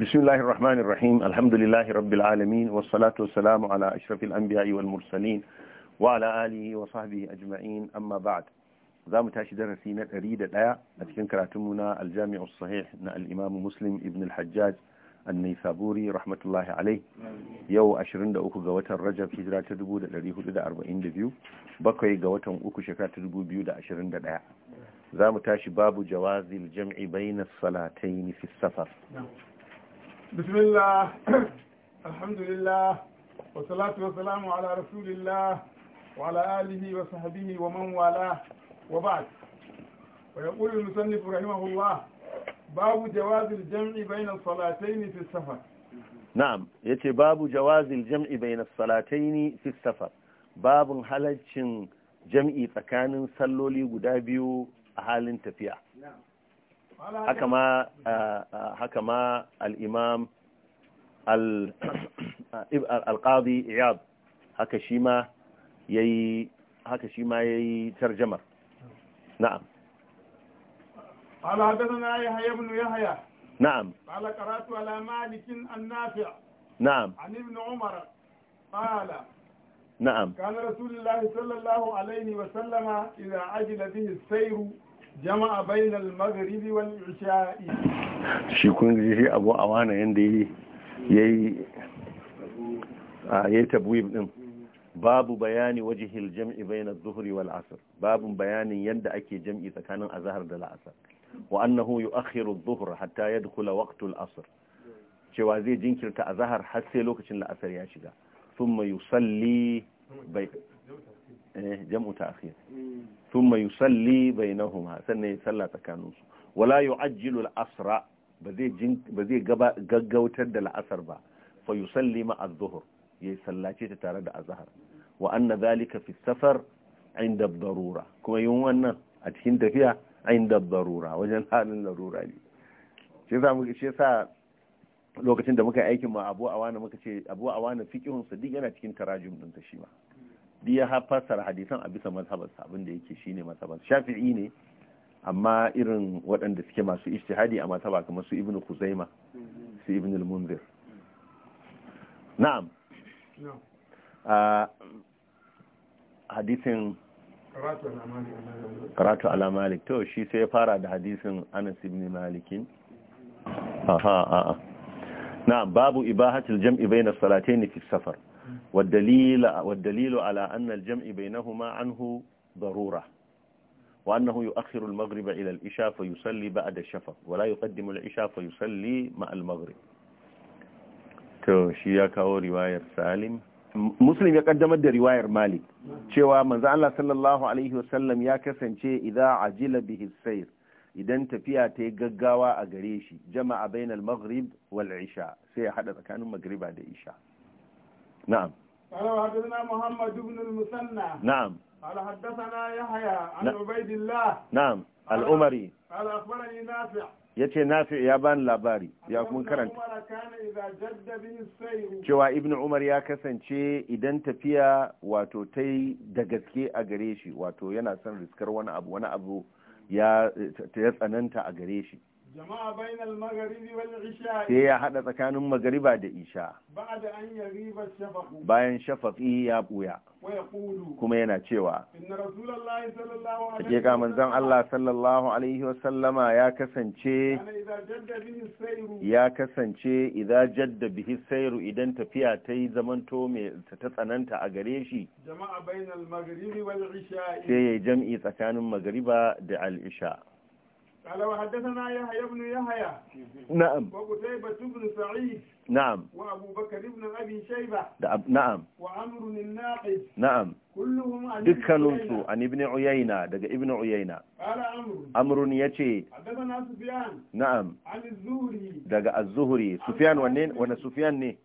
bismillahir rahmanir rahim alhamdulillahi rabbil alamin salatu was salamu ala ashrafil anbiya'i wal mursalin wa ala alihi wa sahbihi amma ba'd zamu tashi darasi na 101 a cikin karatun mu na al jami'u sahih na al muslim ibn al hajjaj an naysaburi rahmatullahi alayhi yau 23 ga watan rajab hijira ta 1442 bakwai ga watan uku shekara ta 2021 zamu tashi babu jawazil jam'i bayna salatayn fi safar بسم الله الحمد لله والصلاة والسلام على رسول الله وعلى آله وصحبه ومن والاه وبعد ويقول المصنف رحمه الله باب جواز الجمع بين الصلاتين في السفر نعم يتي باب جواز الجمع بين الصلاتين في السفر باب حلج جمعي فكان صلولي guda biyu تفيع haka ma الإمام القاضي al-imam al-qadi iyad haka shi ma yayi haka shi ma yayi na'am قال حدثنا يحيى بن يحيى نعم قال قرات على مالك النافع نعم عن ابن عمر قال نعم كان رسول الله صلى الله عليه وسلم إذا عجل به السير jama'a bainal maghribi wal isha'i shi kun ji shi abu awana yanda yayi a yayi tabwib din babu bayani wajihil jam'i bainal dhuhri wal asr babu bayanin yadda ake jam'i tsakanin azhar da la'asar wa annahu yu'akhiru adh-dhuhra hatta yadkhula waqtu asr cewa zai jinkirta azhar har sai lokacin la'asar ya shiga thumma yusalli eh ta ta'khir hmm. thumma yusalli bainahuma sannan ya salla tsakaninsu su wala yu'ajjilu al-asra ba zai ba zai gaggautar da la'asar ba fa yusalli ma az-zuhr ya sallace ta tare da azhar wa anna dhalika fi safar inda darura kuma yin wannan a cikin tafiya inda darura wajen halin larura ne shi sa muka shi sa lokacin da muka aikin ma abu awana muka ce abu awana fiqhun sadiq yana cikin tarajum din ta shi ma duk ya fassara hadisan a bisa mazhabar abin da yake shine mazhabar shafi'i ne amma irin waɗanda suke masu ijtihadi a mazhaba kamar su ibnu kuzaima su ibnu al-munzir na'am hadisin karatu ala malik to shi sai ya fara da hadisin anas ibn malikin aha a'a na'am babu ibahatul jam'i bayna salatayn fi safar والدليل على أن الجمع بينهما عنه ضرورة وأنه يؤخر المغرب إلى العشاء فيصلي بعد الشفق ولا يقدم العشاء فيصلي مع المغرب to shi ya kawo riwayar salim muslim ya kaddamar da riwayar malik cewa manzo Allah sallallahu alaihi wasallam ya kasance idza ajila bihi idan tafiya ta yi gaggawa a gare shi jama'a bainal maghrib wal isha sai ya hada tsakanin magriba da isha نعم قال حدثنا محمد بن المثنى نعم قال حدثنا يحيى عن عبيد الله نعم الأمري قال أخبرني نافع yace nafi ya bani labari ya kuma karanta cewa ibnu umar ya kasance idan tafiya wato ta yi da gaske a gare shi wato yana son riskar wani abu wani abu ya tsananta a gare shi sai ya hada tsakanin magariba da isha ba'da an bayan shafaqi ya buya kuma yana cewa inna rasulullahi sallallahu alaihi manzon Allah sallallahu alaihi wa ya kasance ya kasance idza jadda bihi sayru idan tafiya ta yi zamanto mai ta tsananta a gare shi sai ya jam'i tsakanin magariba da al قال وحدثنا يحيى بن يحيى نعم وقتيبة بن سعيد نعم وأبو بكر بن أبي شيبة نعم وعمر الناقد نعم كلهم عن ابن عيينة عن ابن عيينة دق ابن عيينة قال عمرو عمرو يتي حدثنا سفيان نعم عن الزهري دق الزهري سفيان ونين ونا سفيان ني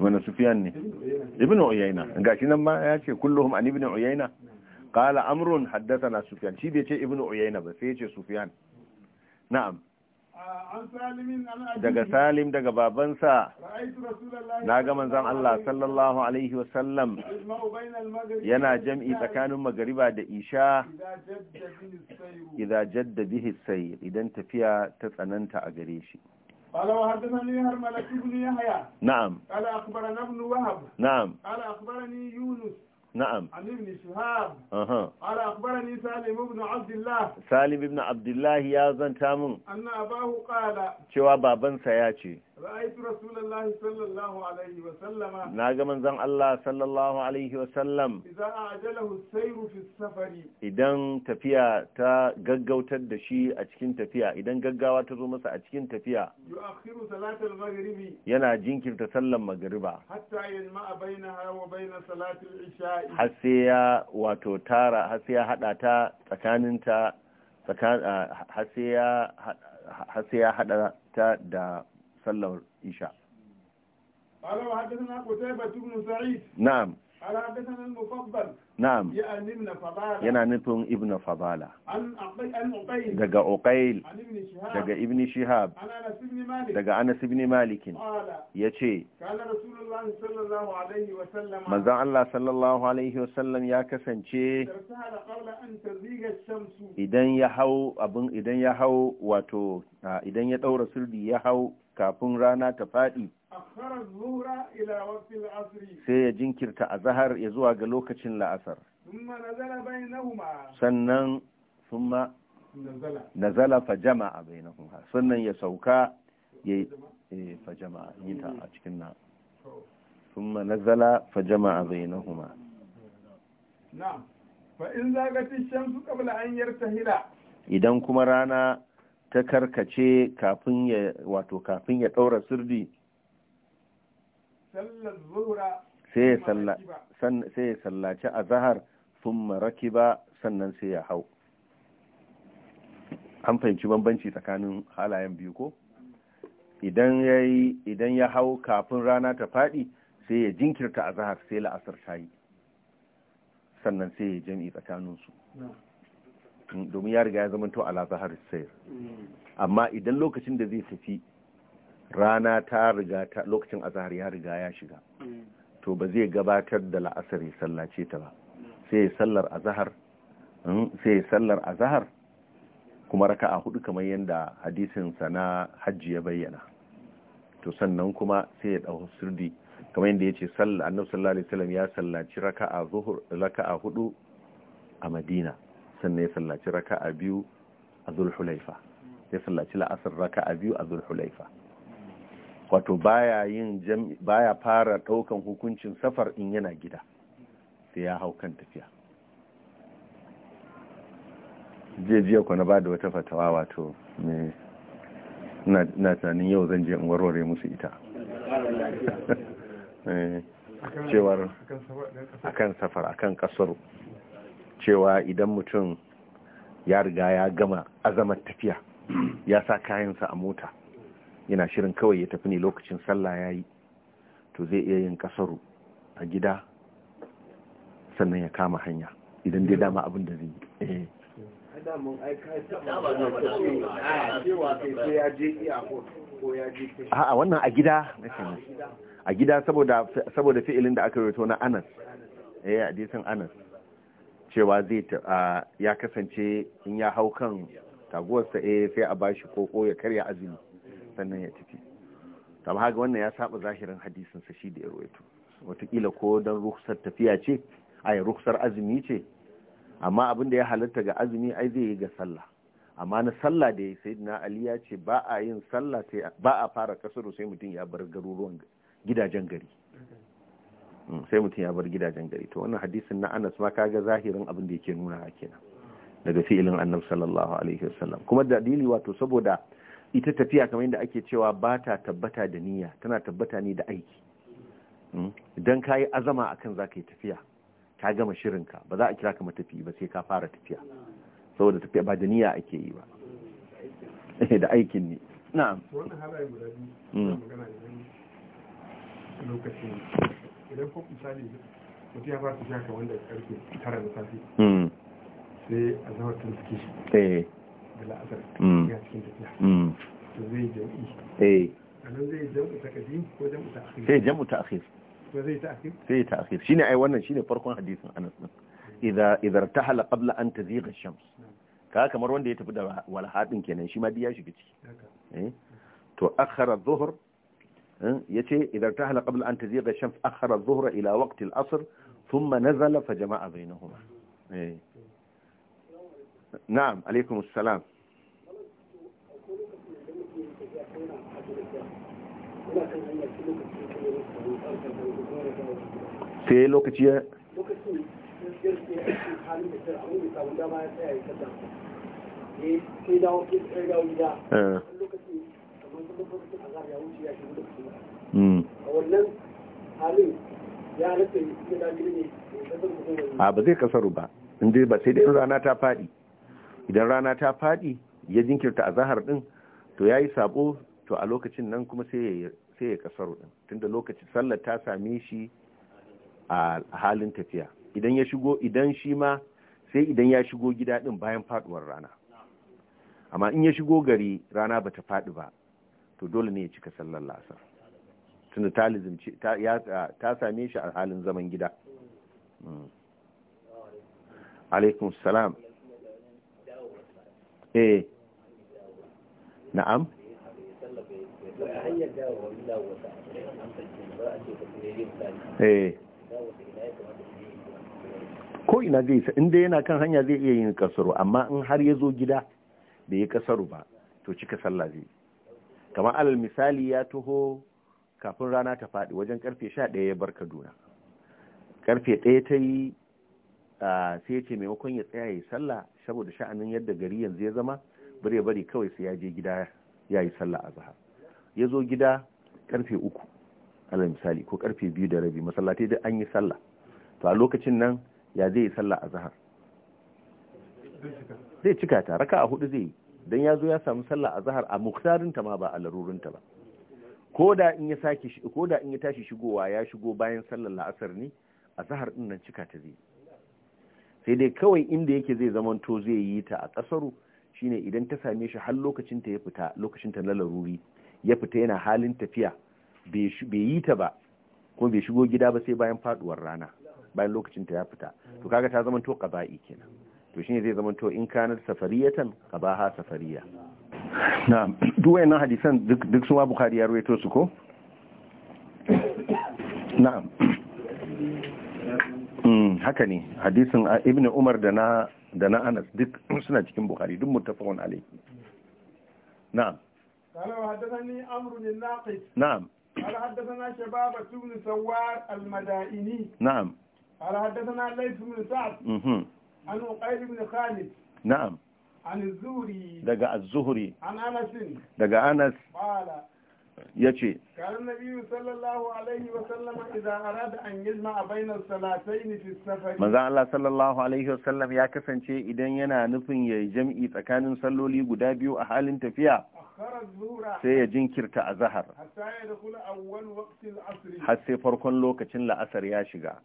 وانا سفيان ني ابن عيينة قال شنو ما يا شيخ كلهم عن ابن عيينة qala amrun haddathana sufyan shi bai ce ibnu uyayna ba sai ya ce sufyan na'am daga salim daga babansa na ga manzan Allah sallallahu alaihi wa sallam yana jam'i tsakanin magariba da isha idan jadda bihi sai idan tafiya ta tsananta a gare shi قال وحدثني هرملة بن يحيى نعم قال أخبرنا ابن وهب نعم قال أخبرني يونس نعم عن ابن شهاب أها قال أخبرني سالم بن عبد الله سالم بن عبد الله يا زن تامن أن أباه قال شوى بابن سياتي ra'aytu rasulullahi sallallahu wa sallama na ga manzon Allah sallallahu alaihi wa sallam idan ajalahu sayru fi safari idan tafiya ta gaggautar da shi a cikin tafiya idan gaggawa ta zo masa a cikin tafiya yu'akhiru salatal maghribi yana jinkirta sallan magariba. hatta yanma bainaha wa salatil isha'i ya wato tara har sai ya ta tsakan ah, hada ta da sallar isha قال وحدثنا قتيبة بن سعيد نعم قال حدثنا المفضل نعم يعني ابن فضالة ينا نفن ابن فضالة عن عقيل دقى عقيل عن ابن شهاب دقى ابن شهاب عن أنس بن مالك دقى أنس بن مالك قال يتي كان رسول الله صلى الله عليه وسلم مزا الله صلى الله عليه وسلم يا كسن شي ارتحل قبل أن تزيغ الشمس إذن يحو أبن إذن يحو واتو إذن يتو رسول يحو kafin rana ta faɗi sai ya jinkirta a zahar ya zuwa ga lokacin la'asar sannan summa nazala fa jama'a bainahum sannan ya sauka ya eh, fa jama'a yita a cikin na summa nazala fa jama'a bainahuma na fa in zagati shamsu qabla an yartahila idan kuma rana ta karkace kafin ya wato kafin ya ɗaura sirri sai ya sallaci a zahar sun maraki ba sannan sai ya hau an fahimci bambanci tsakanin halayen biyu ko idan ya hau kafin rana ta faɗi sai ya jinkirta a sai la'asar ta yi sannan sai ya jam'i tsakaninsu domin ya riga ya zamanto ala zahar sayar mm. amma idan lokacin da zai tafi rana ta riga ta lokacin azhar ya riga ya shiga mm. to ba zai gabatar da la'asar ya sallace ta ba sai sallar azhar mm, sai sallar azhar kuma raka'a hudu kamar yadda hadisin sa na hajji ya bayyana to sannan kuma sai ya dau sirdi kamar yadda yace sallallahu alaihi wasallam ya sallaci raka'a zuhur raka'a hudu a Madina sannan ya sallaci a biyu a zulhulaifa ya sallaci la'asar Raka biyu a zulhulaifa wato baya yin fara ɗaukan hukuncin safar in yana gida sai ya hau kan tafiya jiya ku na ba da wata fatawa wato na tunanin yau zan je in warware musu ita eh, cewar akan safar akan kasaru cewa idan mutum ya riga ya gama azamar tafiya ya sa kayansa a mota yana shirin kawai ya tafi ne lokacin sallah ya yi to zai iya yin kasaru a gida sannan ya kama hanya idan dai dama abin da zai yi eh. a wannan a gida a gida saboda fi'ilin da aka rito na anas eh a anas cewa zai ya kasance in ya hau kan taguwarsa eh sai a bashi koko ya karya azumi sannan ya tafi ta haka wannan ya saba zahirin hadisin sa shi da yarwaito watakila ko don ruksar tafiya ce ai ruksar azumi ce amma abin da ya halatta ga azumi ai zai yi ga sallah amma na sallah da ya sai na ali ce ba a yin sallah ba a fara kasaro sai mutum ya bar garuruwan gidajen gari Mm, sai mutum ya bar gidajen gari to wannan hadisin na Anas ma kaga zahirin abin da yake nuna kenan daga fi'ilin Annabi sallallahu alaihi wasallam kuma dalili wato saboda ita tafiya kamar yadda ake cewa ba ta tabbata da niyya tana tabbata ne da aiki mm, idan ka azama akan za ka yi tafiya ka gama shirinka ba za a kira ka matafi ba sai ka fara tafiya saboda tafiya ba da niyya ake yi ba eh, da aikin ne na'am mm. lokacin idan ko misali mutum ya fara tafiya ka wanda karfe tara da safe hmm. sai a zama tun suke shi eh. da la'asar hmm. ya cikin tafiya hmm. to zai jam'i eh. a nan zai jam'i ta kaji ko jam'i ta akhir sai jam'i ta akhir zai ta akhir sai ta akhir shine ai wannan shine farkon hadisin Anas din idza idza tahala qabla an tazigha ash-shams ka kamar wanda ya tafi da walhadin kenan shi ma biya shi ciki eh. to akhara dhuhr يتي إذا ارتحل قبل أن تزيغ الشمس أخر الظهر إلى وقت الأصر ثم نزل فجمع بينهما إيه. نعم عليكم السلام في لوكتيا لوكتيا آه. Hmm. a ba zai kasaru ba inda ba sai dai rana ta faɗi idan rana ta faɗi ya jinkirta a zahar ɗin to ya yi sabo to a lokacin nan kuma sai ya kasaru ɗin tunda lokacin sallar ta same shi a halin tafiya idan ya shigo idan shi ma sai idan ya shigo gida ɗin bayan faɗuwar rana amma in ya shigo gari rana ba ta faɗi ba to dole ne ya cika sallar da tunda ta same shi a halin zaman gida hmm. alaikun salam eh na'am eh ko ina zai sa, inda yana kan hanya zai iya yin kasaro amma in har ya zo gida da yi kasaro ba to cika sallah zai kamar alal misali ya taho kafin rana ta faɗi wajen karfe sha ɗaya ya bar kaduna karfe ɗaya ta yi sai ya ce maimakon ya tsaya ya yi sallah saboda sha'anin yadda gari yanzu ya zama bari ya bari kawai sai ya je gida ya yi sallah a zahar ya zo gida karfe uku alal misali ko karfe biyu da rabi masallatai duk an yi sallah to a lokacin nan ya zai yi sallah a zahar zai cika ta raka a hudu zai yi don ya zo ya samu sallah a zahar a muktarinta ma ba a larurinta ba koda in ya sake in ya tashi shigowa ya shigo bayan sallar la'asar ne a zahar din nan cika ta zai sai dai kawai inda yake zai zaman to zai yi ta a kasaru shine idan ta same shi har lokacin ta ya fita lokacin ta na laruri ya fita yana halin tafiya bai yi ta ba kuma bai shigo gida ba sai bayan faduwar rana bayan lokacin ta ya fita to kaga ta zaman to qaba'i kenan to shine zai zama to in kanar safariyatan ka ba ha safariya na duk wayannan hadisan duk su wa bukhari ya ruwaito su ko na'am mm, haka ne hadisin ah, ibn umar da na da na anas duk suna cikin bukhari duk muttafaqun alayhi na'am قال وحدثني عمرو الناقد نعم قال حدثنا شباب بن سوار المدائني نعم قال حدثنا ليث بن سعد عن عقيل بن خالد نعم عن الزهري دقى الزهري عن أنس دقى أنس قال ya ce ƙarar nabiyu sallallahu alaihi wasallam idan arada an yizma a salatai ne fi safari manzan Allah sallallahu alaihi wasallam ya kasance idan yana nufin ya jam'i tsakanin salloli guda biyu a halin tafiya sai ya jinkirta a zahar har sai farkon lokacin la'asar ya shiga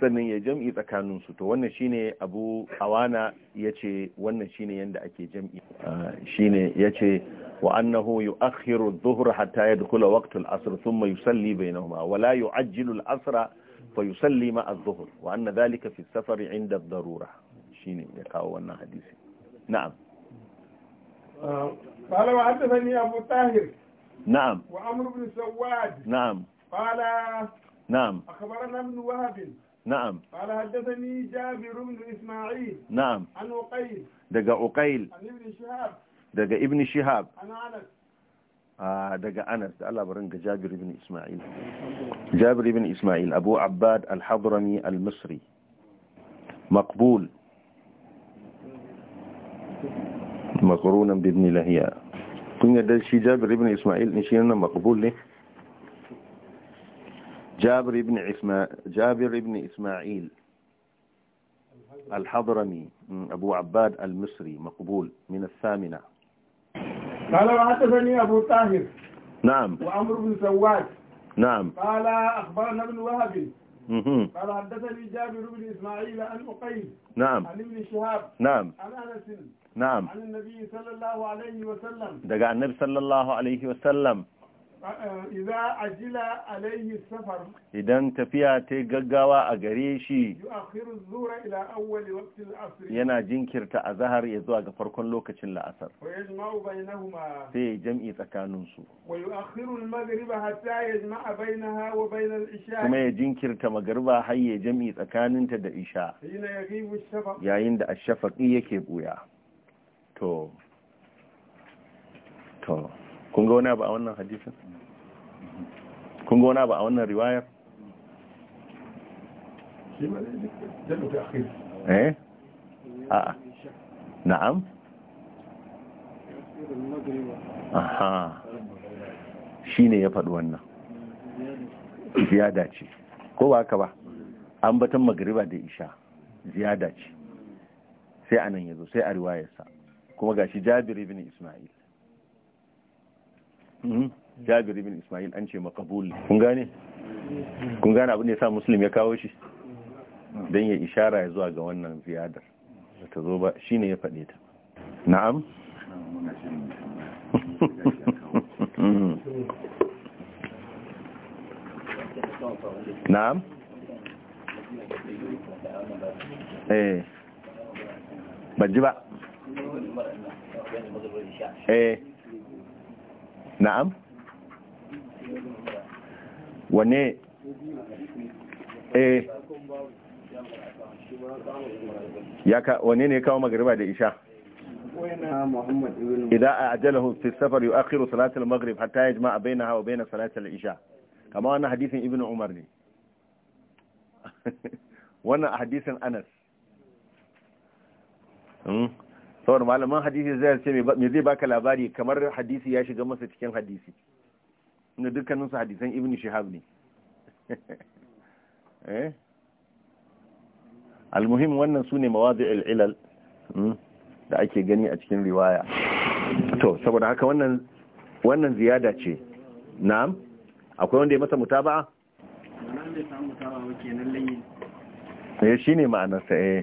sannan ya jam'i tsakaninsu to wannan shine abu awana ya ce wannan shine yadda ake jam'i ah, shine ya ce wa annahu يؤخر الظهر حتى يدخل وقت العصر ثم يصلي بينهما ولا يعجل العصر فيصلي مع الظهر وأن ذلك في السفر عند الضرورة شيني يقاو حديثي نعم آه، قال وحدثني أبو طاهر نعم وعمر بن سواد نعم قال نعم أخبرنا ابن وهب نعم قال حدثني جابر بن إسماعيل نعم عن عقيل دقى عقيل عن ابن شهاب دقى ابن شهاب عن أنس daga anas da Allah barin ga jabir ibn isma'il jabir ibn isma'il abu abbad al-hadrami al-misri maqbul maqrunan bi ibn lahiya kun yadda shi jabir ibn isma'il ne shi yana maqbul ne jabir ibn isma jabir ibn isma'il الحضرمي أبو عباد المصري مقبول من الثامنة قال وحدثني أبو طاهر نعم وعمر بن سواد نعم قال أخبرنا ابن وهب قال حدثني جابر بن إسماعيل عن أقيل نعم عن ابن شهاب نعم عن أنس نعم عن النبي صلى الله عليه وسلم دقى النبي صلى الله عليه وسلم idan tafiya ta gaggawa a gare shi yana jinkirta a zahar ya zuwa ga farkon lokacin la'asar sai ya jam'i tsakaninsu kuma ya jinkirta magariba har jam'i tsakaninta da isha yayin da ashafaƙi yake buya to to kun ga wani abu a wannan hadisin ga wani abu a wannan riwayar eh a'a na'am aha ne ya faɗi wannan ziyada ce ko ba haka ba an batan magariba da isha ziyada ce sai anan zo sai a riwayarsa kuma gashi Jabir ibn Isma'il Hmm? jabir ibn ismail an ce makabul kun gane kun gane abin da ya sa muslim ya kawo shi don ya ishara ya zuwa ga wannan ziyadar da ta zo ba shi ne ya faɗe ta na'am na'am eh ba ji ba eh نعم وني ايه ياك وني ني كاو مغربا ده إذا أعجله في السفر يؤخر صلاة المغرب حتى يجمع بينها وبين صلاة العشاء كما أن حديث ابن عمر وانا حديث أنس saboda malaman hadisi zai ce me zai baka labari kamar hadisi ya shiga masa cikin hadisi inda dukkaninsu hadisan ibn shihab ne eh? almuhim wannan su ne ilal hmm, da ake gani a cikin riwaya to saboda haka wannan wannan ziyada ce na'am akwai wanda ya masa mutaba'a wannan da samu mutaba'a nan layin eh shine ma'anarsa eh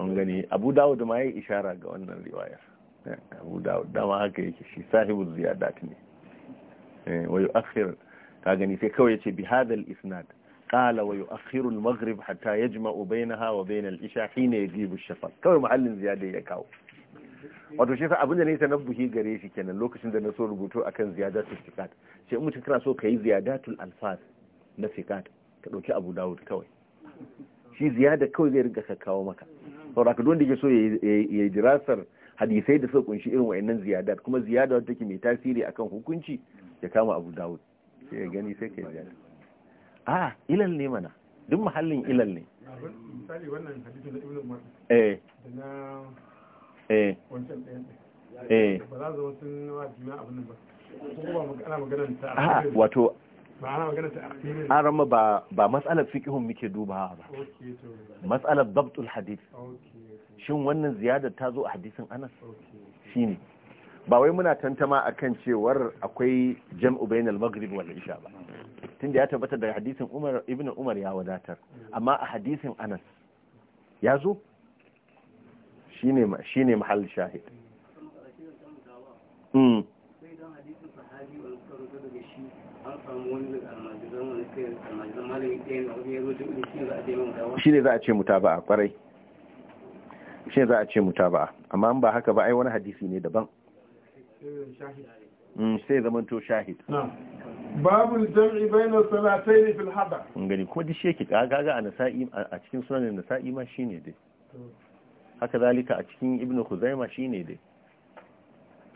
an gani abu dawud ma ya ishara ga wannan riwayar eh, abu dawud dama haka yake shi sahibu ziyadat ne eh, wa akhir ka gani sai kawai yace bi hadal isnad qala wa yu'akhiru al-maghrib hatta yajma'u bainaha wa bain al-isha hina yajibu ash-shafaq kawai muhallin ziyada ya kawo wato shi sa abin da na buhi gare shi kenan lokacin da na so rubutu akan ziyadatul sikat sai mutum kana so kai ziyadatul alfaz na sikat ka dauki abu dawud kawai shi ziyada kawai zai rinka kakkawo maka saboda ka da ke so ya dirasar hadisai da suka kunshi irin wa'annan ziyadar kuma ziyada wata ke mai tasiri akan hukunci ya kama abu dawud sai ya gani sai ka yi ziyada a ilal ne mana duk mahallin ilal ne wato an rama ba matsalar fiƙihun muke dubawa ba matsalar dabtul hadith shin wannan ziyadar ta zo a hadisin anas shi ne ba wai muna tantama akan cewar akwai jam'u bainal maghrib wal isha ba da ya tabbatar da hadisin umar ibn umar ya wadatar amma a hadisin anas ya zo shine shine mahall shahid hmm. kan shi ne za a je mutaba'a shi ne za a ce kwarai shi ne za a ce amma ba haka ba ai wani hadisi ne daban mm, sai zaman to shahid babul jam'i salatai ne fil hadar gani kuma dishe yake gaga a nasa'i a cikin sunanin nasa'i ma shine dai haka zalika a cikin ibnu khuzaima shine dai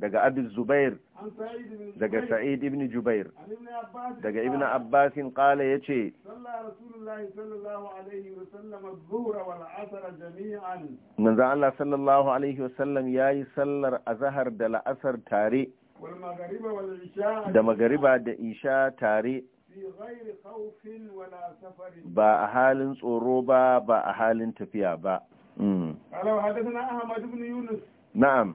daga abin zubair daga sa'id ibn jubair daga ibn abbasin kala ya ce manzan Allah sallallahu alaihi wasallam ya yi sallar azahar da la'asar tare da magariba da isha tare ba a halin tsoro ba ba a halin tafiya ba. Hmm. na'am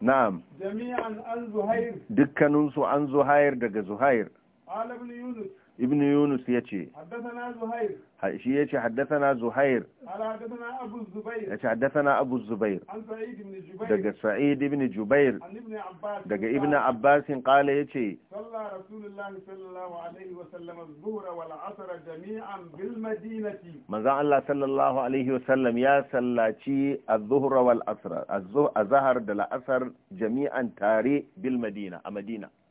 na'am jami'an an zuhair dukkaninsu an zuhair daga zuhair ibn yunus ya ce shi ya ce haddasana zuhair ya ce haddasana abu zubair daga sa'id ibn jubair daga ibn abbasin kala ya ce manzan Allah sallallahu ya sallaci az-zuhra wal da la'asar jami'an tare bil a madina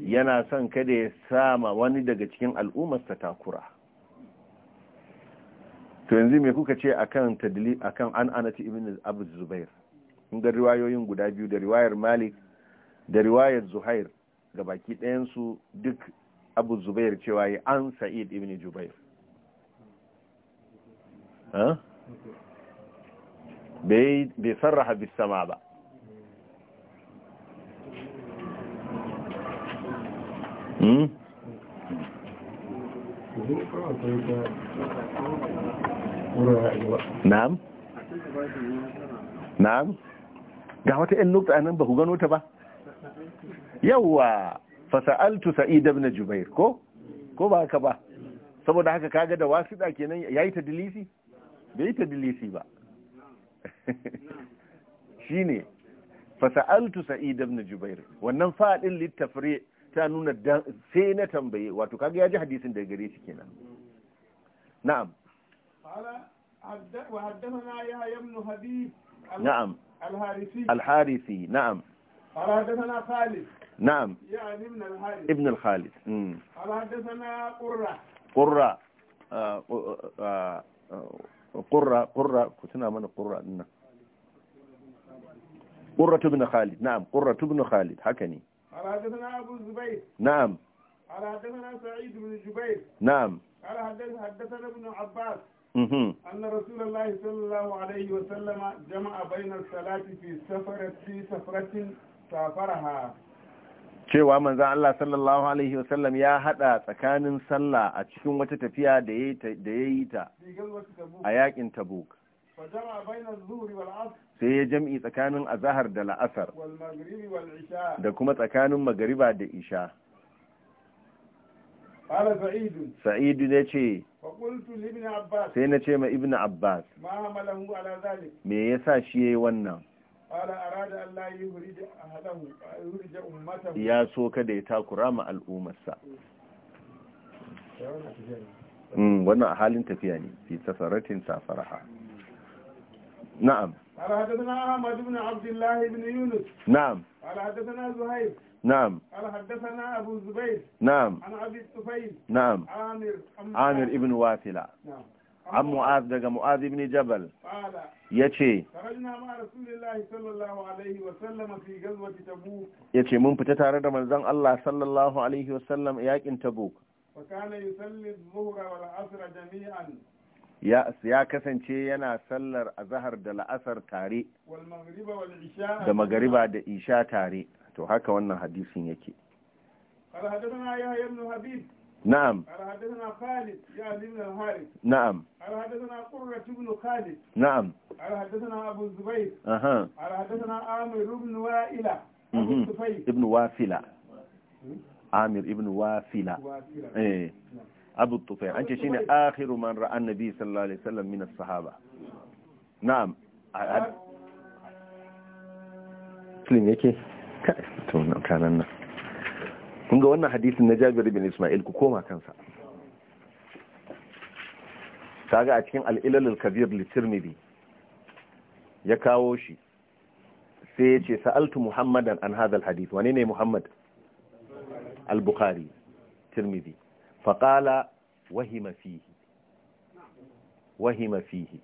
yana son kada ya sama wani daga cikin al'ummarsa takura to yanzu me kuka ce akan tadli akan an anati ibn abu zubair kun riwayoyin guda biyu da riwayar malik da riwayar zuhair ga baki ɗayansu duk abu zubair cewa yi an sa'id ibn jubair bai sarraha bisama ba Hmm? na'am na'am ga wata 'yan nukta nan ba ku gano ta ba yawwa fasa'altu sa'id na jubair ko ko ba haka ba saboda haka kaga da wasida kenan yi ta dilisi bai yi ta dilisi ba Shi ne fasa'altu sa'id na jubair wannan fadin littafri ta nuna sai na tambaye wato kaga ya ji hadisin daga gare shi kenan na'am وحدثنا يحيى بن حبيب نعم الحارثي الحارثي نعم قال حدثنا خالد نعم يعني ابن الحارث ابن الخالد امم قال حدثنا قرة قرة قرة قرة كنتنا من قرة قرة بن خالد نعم قرة بن خالد حكني قال حدثنا أبو الزبير نعم قال حدثنا سعيد بن جبير نعم قال حدثنا ابن عباس أن رسول الله صلى الله عليه وسلم جمع بين الصلاة في سفرة في سفرة سافرها cewa manzan Allah sallallahu Alaihi wasallam ya hada tsakanin sallah a cikin wata tafiya da ya yi ta a yakin tabuk sai ya jam'i tsakanin azahar da la'asar da kuma tsakanin magariba da isha sa'idu ne ce sai na ce ma ibn abbas me ya sa shi ya yi wannan ya so kada ya takura ma al'ummarsa hmm, wannan a halin tafiya ne fi tasaratin safaraha نعم قال حدثنا أحمد بن عبد الله بن يونس نعم قال حدثنا زهير نعم قال حدثنا أبو الزبير نعم عن أبي الطفيل نعم عامر عامر ابن وافلة نعم عن معاذ daga معاذ ibn Jabal yace yace mun fita tare da manzon Allah sallallahu alaihi wasallam yakin Tabuk ya kasance yana sallar azahar da la'asar tare da magariba da isha tare to haka wannan hadisin yake نعم قال حدثنا خالد يعني بن الحارث نعم حدثنا بن خالد نعم حدثنا حدثنا عامر بن ابن عامر ابن abu tufai an ce ne akhiru man ra'an nabi sallallahu alaihi wasallam min as-sahaba na'am muslim yake to na kanan nan kun ga wannan hadisin na Jabir bin Isma'il ku koma kansa kaga a cikin al-ilal al-kabir li Tirmidhi ya kawo shi sai ya ce sa'altu Muhammadan an hadha al-hadith wane ne Muhammad al-Bukhari Tirmidhi faƙala wahi mafihi wahi mafihi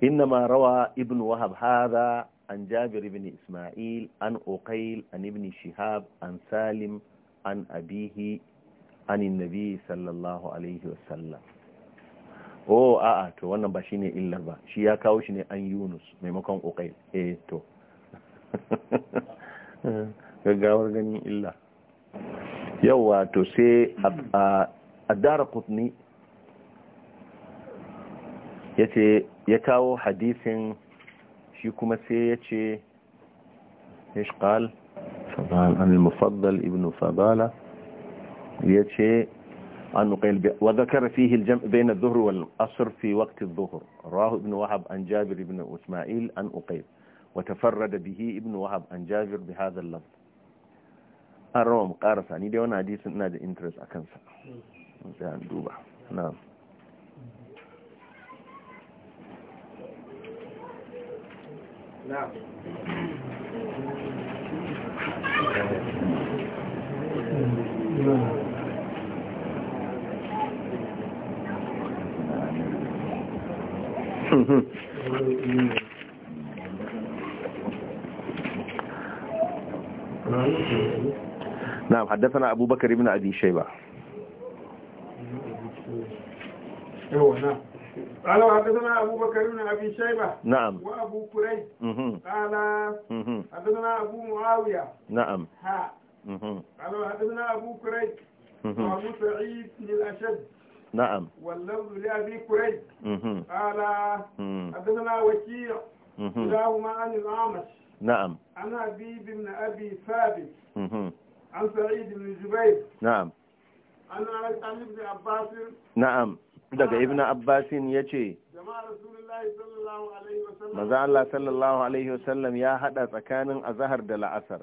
inna ma rawa ibn wahab haza an jabir ibn ismail an ƙoƙail an ibn shihab an salim an abihi an innabi sallallahu alaihi wasallam o oh, a'a to wannan ba shi ne illar ba shi ya kawo shi ne an yunus maimakon ƙoƙail e eh، to gaggawar ganin illa yau wato sai a الدار قطني يتي يكاو حديث شي shi kuma ايش قال فضال عن المفضل ابن فضالة يتي عن نقيل وذكر فيه الجمع بين الظهر والأصر في وقت الظهر راه ابن وهب عن جابر بن إسماعيل عن أقيل وتفرد به ابن وهب عن جابر بهذا اللفظ الروم قارس عن دي وانا حديث نادي انترس أكنسا نعم نعم حدثنا أبو بكر بن أبي شيبة نعم. نعم قال حدثنا أبو بكر بن أبي شيبة نعم وأبو كريب قال حدثنا أبو معاوية نعم ها قال حدثنا أبو كريب وأبو سعيد بن الأشد نعم واللفظ لأبي كريب قال حدثنا وكيع كلاهما عن الأعمش نعم عن أبيب بن أبي ثابت عن سعيد بن جبير نعم عن ابن عباس نعم daga ibn abbasin ya ce maza Allah sallallahu alaihi wasallam ya hada tsakanin azahar da la'asar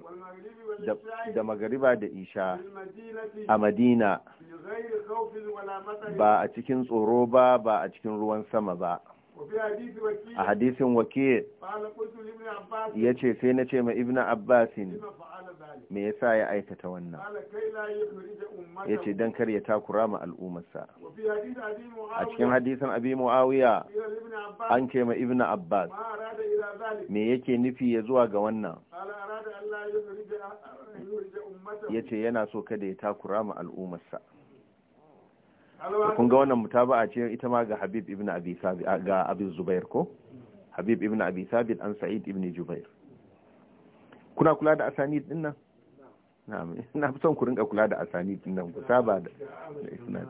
da magariba da isha a madina ba a cikin tsoro ba ba a cikin ruwan sama ba a hadisin wake ya ce sai na ce ma ibn abbasin me yasa ya aikata wannan ya ce don kar ya takura ma al'ummarsa a cikin hadisin abi muawiya an ce ma ibn abbas me yake nufi ya zuwa ga wannan ya ce yana so kada ya takura ma al'ummarsa kun ga wannan mutaba'a ce ita ma ga Habib ibn Abi Sabit ga Abi Zubair ko Habib ibn Abi Sabit an Sa'id ibn Jubair kuna kula da asanid din nan na'am ina son ku rinka kula da asanid din nan ku saba da isnad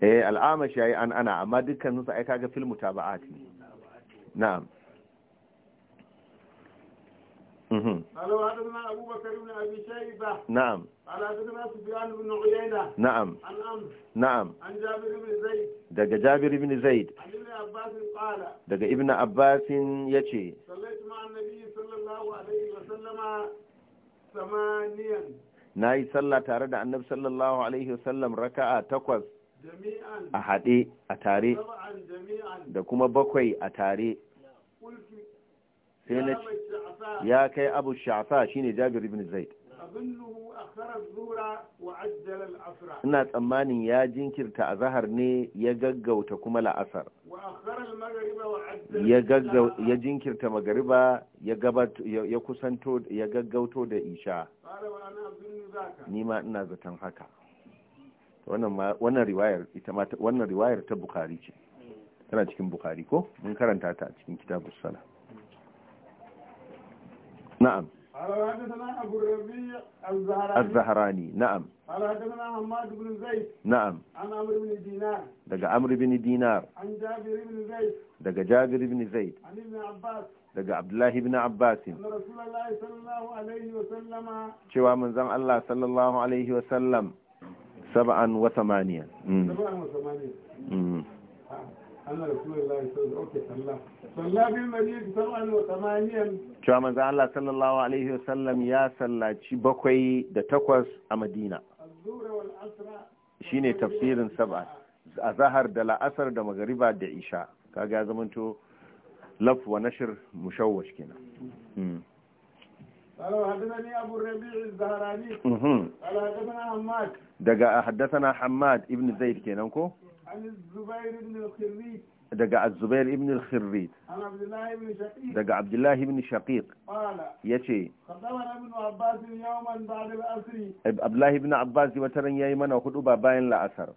eh al'amash yayi an ana amma dukkan su ai kaga fil mutaba'ati na'am قال وحدثنا أبو بكر بن أبي شيبة نعم قال حدثنا سفيان بن عيينة نعم عن أمر نعم عن جابر بن زيد دق جابر بن زيد عن ابن عباس قال دق ابن عباس يتي صليت مع النبي صلى الله عليه وسلم ثمانيا ناي صلى تارد عن النبي صلى الله عليه وسلم ركعة تقوز جميعا أحدي أتاري da kuma bakwai a tare sai na ya kai abu sha'fa shine jabir ibn zaid ina tsammanin ya jinkirta a zahar ne ya gaggauta kuma la'asar ya jinkirta magariba ya kusanto ya gaggauto da isha nima ina zaton haka wannan riwayar ta bukari ce tana cikin bukari ko mun karanta ta a cikin kitabu sana نعم قال حدثنا أبو الربيع الزهراني الزهراني نعم قال حدثنا حماد بن زيد نعم عن عمرو بن دينار دقى عمرو بن دينار عن جابر بن زيد دقى جابر بن زيد عن ابن عباس daga Abdullahi ibn Abbas cewa manzon Allah sallallahu alaihi wa sallam sab'an wa samaniyan أنا رسول Allah sallallahu Alaihi wasallam ya sallaci bakwai da takwas a Madina shine tafsirin saba a zahar da la'asar da magariba da isha kaga ya zamanto laf wa nashir mushawwash kenan قالوا حدثني أبو الربيع الزهراني قال حدثنا حماد دقا حدثنا daga azubair ibn al-khirrid daga abdullahi ibn shaqiq ya ce abdullahi ibn abbas wata ran ya mana hudu ba bayan la'asar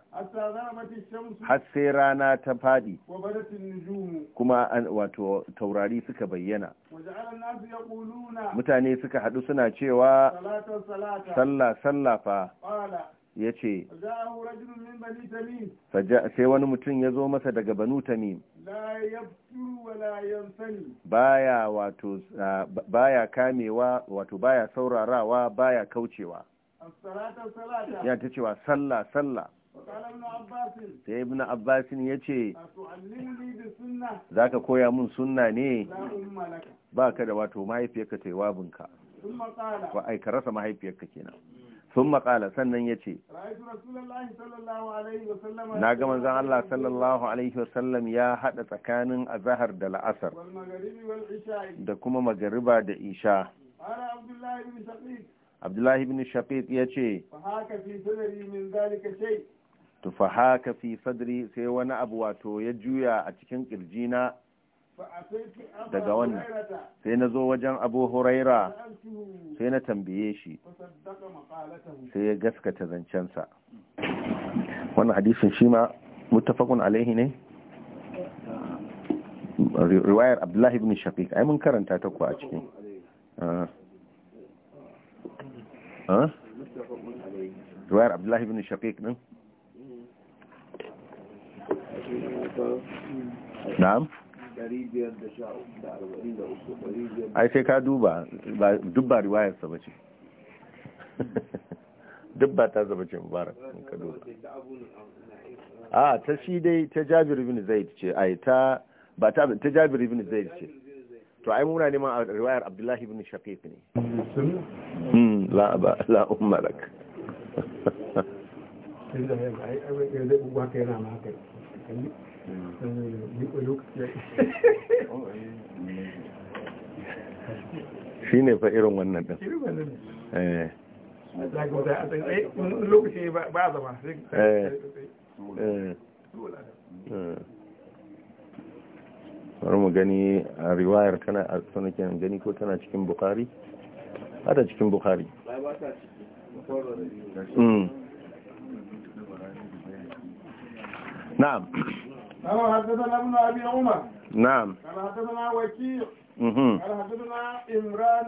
har sai rana ta fadi kuma wato taurari suka bayyana mutane suka hadu suna cewa sallah sallah fa ya ce sai wani mutum ya zo masa daga banu tamim baya wato baya kamewa wato baya saurarawa baya kaucewa ya ta cewa sallah sallah sai ibn abbasin ya ce za ka koya mun sunna ne ba ka da wato mahaifiyarka ta yi wabinka ba aika rasa mahaifiyarka kenan sun maƙala sannan ya ce na ga manzan Allah sallallahu alaihi wasallam ya haɗa tsakanin azahar da la'asar da kuma magariba da isha abdullahi bin shafiq ya ce tufa haka fi sadri sai wani abu wato ya juya a cikin ƙirjina daga wannan sai na zo wajen abu huraira sai na tambaye shi sai ya gaskata zancensa wannan hadisin shi ma mutafakun alaihi ne riwayar abdullahi ibn shafiq ai mun karanta ta kuwa a cikin ah. ah? riwayar abdullahi ibn shaqiq din na'am ai sai ka duba dubba riwayarsa ba ce duk ba ta zaba ce mubarak in ka dole a ta shi dai ta jabir ibn zaid ce ai ta ba ta ta jabir ibn zaid ce to ai muna neman a riwayar abdullahi ibn shaqiq ne hmm, la ba la ummalak shi ne fa irin wannan ɗin lokaci ba zama bari mu gani a riwayar tana a sunakin gani ko tana cikin bukari hada cikin bukari hmm. na'am أنا حدثنا ابن أبي عمر نعم أنا حدثنا وكيع أنا حدثنا إمران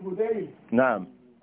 بن هديل نعم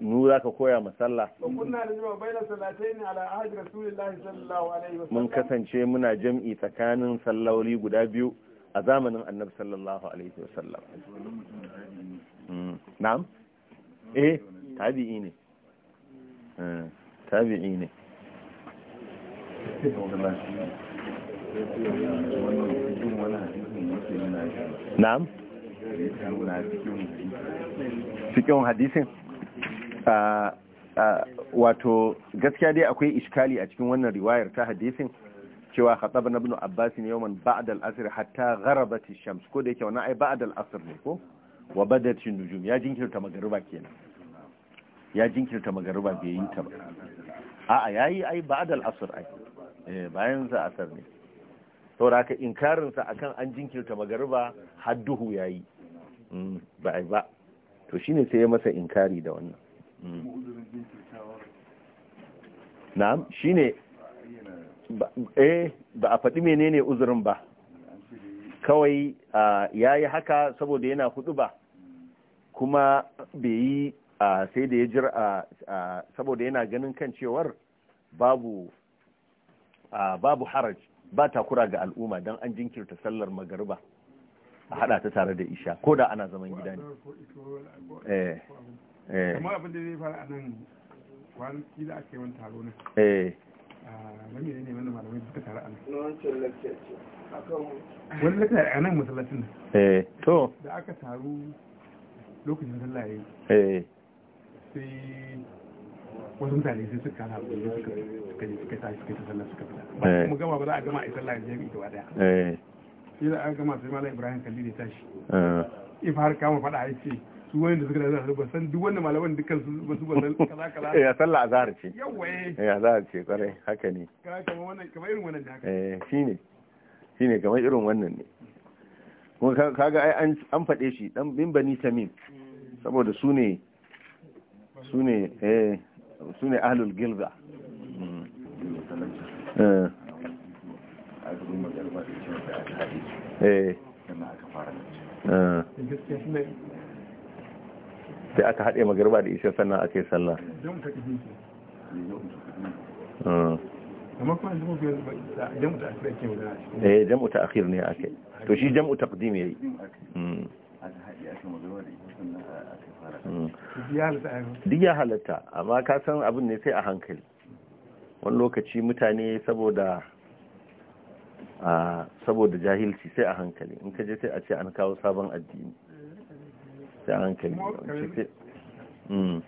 nu za ka koya masalla mun kasance muna jam'i tsakanin salloli guda biyu a zamanin annabi sallallahu alaihi wasallam hmm. na'am eh tabi'i ne hmm, tabi'i ne na'am cikin hadisin wato gaskiya dai akwai iskali a cikin wannan riwayar ta hadisin cewa khatab na ibn abbas ne yawan ba'da al-asr hatta gharabat shams ko da yake wannan ai ba'da al-asr ne ko wa badat nujum ya jinkirta magariba kenan ya jinkirta magariba bai yi ta ba a yayi ai ba'da al-asr ai eh bayan sa asar ne saboda haka inkarin sa akan an jinkirta magariba hadduhu yayi hmm, ba ai ba to shine sai ya masa inkari da wannan na'am ne eh ba a faɗi menene uzurin ba kawai ya yi haka saboda yana hudu ba kuma bai yi sai da ya jira saboda yana ganin kan cewar babu babu haraj ba takura ga al'umma don an jinkirta sallar magariba a hada ta tare da isha ko da ana zaman gida ne Eh. kamar abin da zai fara a nan kwanaki da ake wani taro eh. ah, na wani ne wanda malamai duka tare a nan wani lakta a nan masallacin nan eh, to da aka taru lokacin sallah sai wasu mutane sai suka suka suka suka tashi suka sallah suka fita ba gama ba za a gama a sallah daya sai da aka gama sai malam ibrahim kalli tashi ah. har kama fada ya ce su wani da suka da zarar ba san duk wanda malaman dukkan su ba su ba san kaza kaza eh sallah azhar ce yawa ya eh. eh, azhar ce kwarai haka ne kamar wannan kamar irin wannan da haka eh shine shine kamar irin wannan ne kuma kaga ai an fade shi dan bin bani tamim saboda su ne su ne eh su ne ahlul gilza eh eh sai aka haɗe magarba da isa sannan aka yi sallah hmm. eh jam'u ta akhir ne ake to shi jam'u taqdim yayi hmm. hmm. duk ya halatta amma ka san abin ne sai a hankali wani lokaci mutane saboda ah, saboda jahilci sai a hankali in ka je sai a ce an kawo sabon addini sai mm. hankali mm.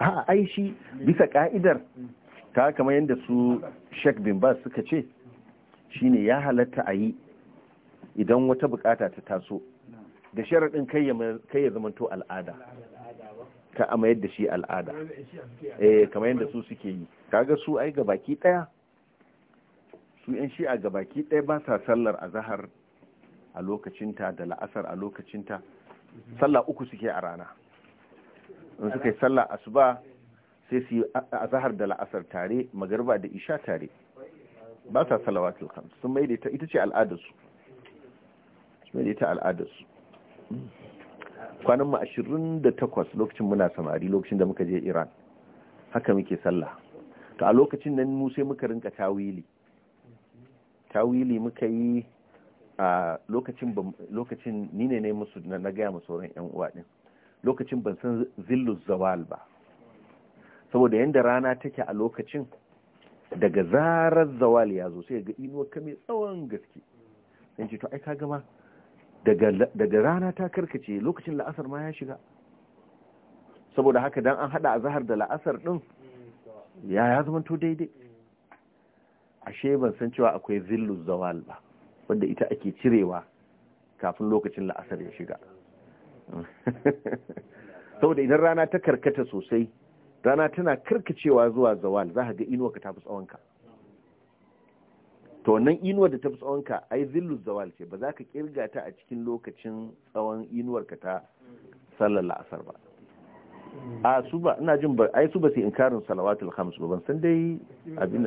a ai shi bisa ka'idar ta kamar yadda su Sheikh bin ba suka ce shine ya halatta a yi idan wata bukata ta taso da sharaɗin kai ya zamanto al'ada ka amma yadda shi al'ada eh kamar yadda su suke yi kaga su ai gabaki daya su yan a gabaki daya ba sa sallar zahar a lokacinta da la'asar a lokacinta sallah uku suke a rana in suka yi sallah asuba sai su yi azahar da la'asar tare magarba da isha tare ba sa salawatul kam. sun mai da ita ce al'adarsu sun mai ta al'adarsu kwanan mu 28 lokacin muna samari lokacin da muka je Iran haka muke sallah to a lokacin nan mu sai muka rinka tawili tawili muka yi a lokacin lokacin ni ne ne musu na gaya musu sauran yan uwa din lokacin ban san zillu zawal ba saboda yanda rana take a lokacin daga zarar zawal ya zo sai ga inuwa kame tsawon gaske sai ce to ai ka gama daga rana ta karkace lokacin la'asar ma ya shiga saboda haka dan an hada azhar da la'asar din ya ya zama to daidai ashe ban san cewa akwai zillu zawal ba wadda ita ake cirewa kafin lokacin la'asar ya shiga saboda idan rana ta karkata sosai rana tana karkacewa zuwa zawal za ga inuwa ka tafi tsawonka to wannan inuwa da tafi tsawonka ai zillu zawal ce ba za ka kirga ta a cikin lokacin tsawon inuwar ka ta sallar la'asar ba a su ba ina jin ba ai su ba sai inkarin salawatul khams ba ban san dai abin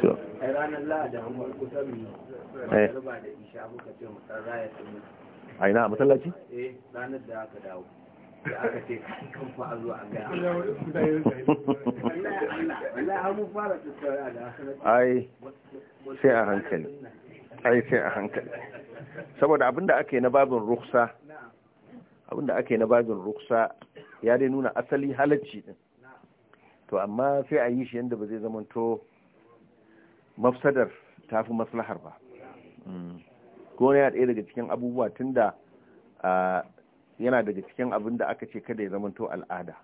to a ina a masallaci? eh ranar da aka dawo da aka ce kan a zuwa a ai sai a hankali ai sai a hankali saboda abinda ake na babin ruksa abinda ake na babin ruksa ya dai nuna asali halacci din to amma sai a yi shi yadda ba zai zamanto mafsadar ta fi maslahar ba gona mm. ya ɗaya daga cikin abubuwa tun da yana daga cikin abin da aka ce kada ya zamanto al'ada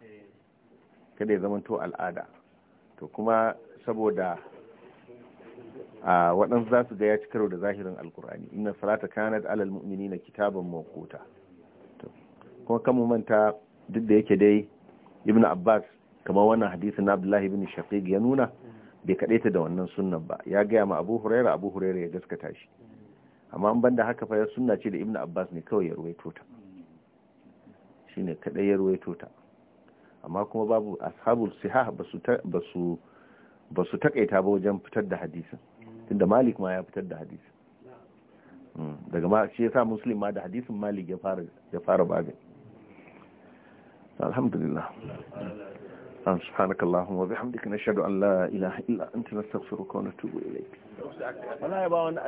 kada ya zamanto al'ada to kuma saboda a waɗansu za su ga ya ci karo da zahirin alkur'ani ina salata kanat alal mu'mini na kitabin makota. kuma kan mu manta duk da yake dai Ibn abbas kamar wannan hadisin abdullahi bin shaqiq ya nuna bai ta da wannan sunnan ba ya gaya ma abu huraira abu huraira ya gaskata shi amma an banda haka fa sunna ce da ibnu abbas ne kawai ya ruwaito ta shine kaɗai ya ruwaito ta amma kuma babu ashabul sihah ba su ba su takaita ba wajen fitar da hadisin tunda malik ma ya fitar da hadisin hmm, daga ma shi yasa muslim ma da hadisin malik ya fara ya fara alhamdulillah an subhanaka Allahun wa bihamdika na shaɗu Allah ila ila intanar safirukonu tubu ilai.